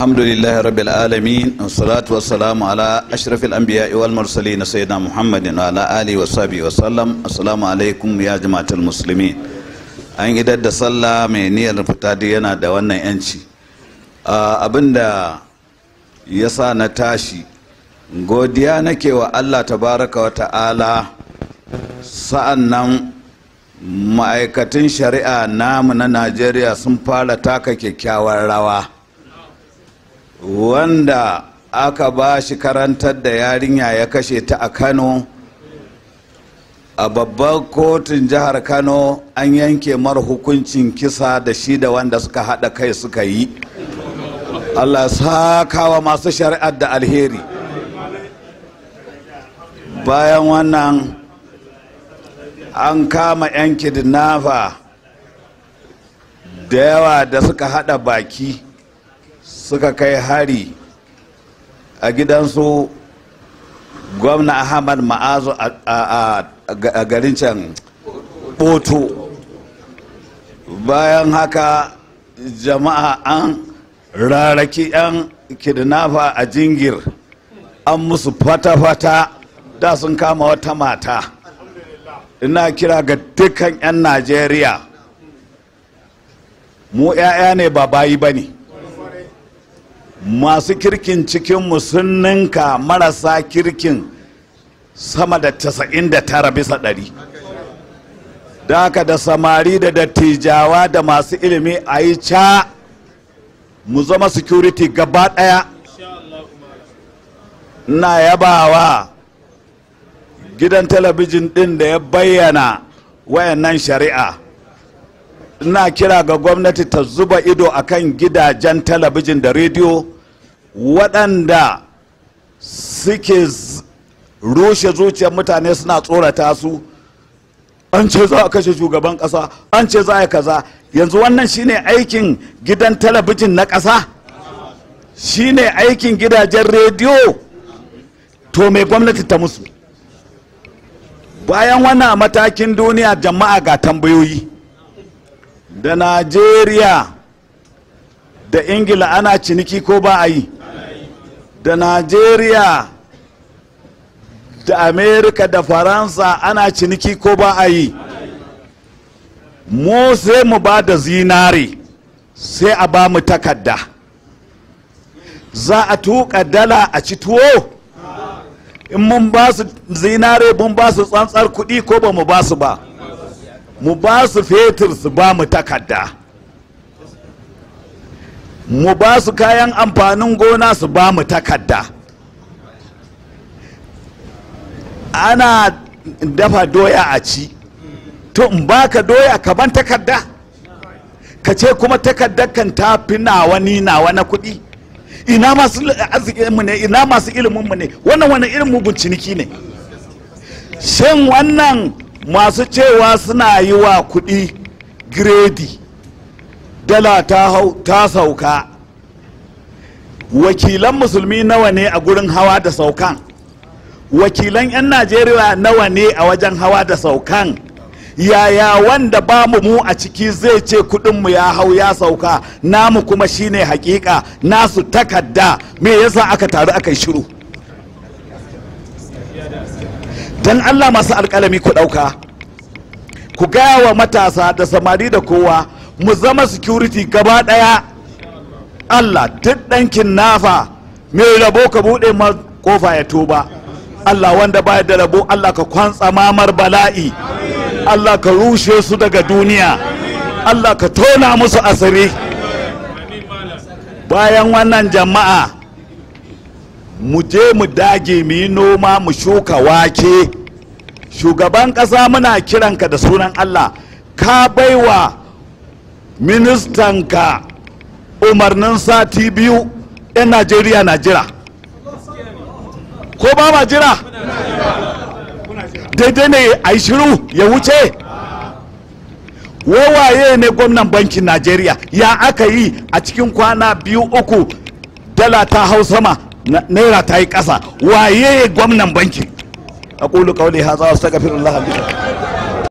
الحمد لله رب العالمين والصلاة والسلام على أشرف الأنبياء والمرسلين سيدنا محمد وعلى آله وصحبه وسلم السلام عليكم يا جماعة المسلمين an idar da sallah mai niyyar fita da yana da wannan yanci abinda ya sa na tashi godiya nake wa allah tabaraka wa ta'ala sa'an nan ma'aikatan shari'a namu na najeriya sun fara taka kyakkyawar rawa wanda aka ba shi karantar da yarinya ya kashe ta a kano a babban kotun jihar kano an yanke mar hukuncin kisa da shi da wanda suka haɗa kai suka yi allah sakawa masu shari'ar da alheri bayan wannan an kama 'yan kidnafa da yawa da suka haɗa baki suka kai hari a gidansu gwamna ahmad ma'azu a garin can boto bayan haka jama'a an raraki 'yan kidnafa a jingir an musu fata-fata da sun kama wata mata ina kira ga dukkan 'yan najeriya mu 'ya'ya ne ba bayi ba ne masu kirkin cikin sun marasa kirkin sama da casa'in da tara bisa ɗari da haka da samari da dattijawa da masu ilimi a yi ca mu zama security gaba ɗaya na yabawa gidan talabijin ɗin da ya bayyana wayannan shari'a ina kira ga gwamnati ta zuba ido a kan gidajen talabijin da rediyo waɗanda suke rushe zuciyar mutane suna tsorata su an ce za a kashe shugaban ƙasa an ce za a kaza yanzu wannan shine aikin gidan talabijin na ƙasa shine aikin gidajen rediyo to mai gwamnati ta musu bayan wannan matakin duniya jama'a ga tambayoyi da najeriya da ingila ana ciniki ko ba a yi da najeriya da amerika da faransa ana ciniki ko ba a yi mu sai mu ba da zinare sai a ba mu takarda za a tuka dala a ci tuwo in mun ba su zinare mun ba su tsantsar kuɗi ko ba mu ba su ba mu ba su fetur su ba mu takarda mu ba su kayan amfanin gona su ba mu takarda ana dafa doya a ci to in baka doya ka ban takarda ka ce kuma takardar kan tafi nawa ni nawa na kuɗi ina masu arzikinmu ne ina masu iliminmu ne wannan wani ilimin mugun ciniki ne shin wannan masu cewa suna yi wa kuɗi giredi dala ta sauka wakilan musulmi nawa ne a gurin hawa da saukan wakilan 'yan najeriya nawa ne a wajen hawa da saukan yaya wanda ba mu mu a ciki zai ce kudinmu ya hau ya sauka namu kuma shine hakika nasu takadda me yasa aka taru aka yi shiru dan allah masu alƙalami ku ɗauka ku gaya wa matasa da samari da kowa mu zama security gaba ɗaya allah duk ɗankin nafa mai rabo ka buɗe ma kofa ya tuba allah wanda baya da rabo allah ka kwantsa mamar bala'i allah ka rushe su daga duniya allah ka tona musu asiri bayan wannan jama'a mu je mu dage mu yi noma mu shuka wake shugaban ƙasa muna kiranka da sunan allah ka baiwa ministanka umarnin sati biyu 'yan najeriya na jira ko ba ma jira daidai ne a yi shiru ya wuce wawaye ne gwamnan bankin najeriya ya aka yi a cikin kwana biyu uku dala ta hau sama naira ta yi ƙasa waye gwamnan banki aqulu qawli saka firin lahadi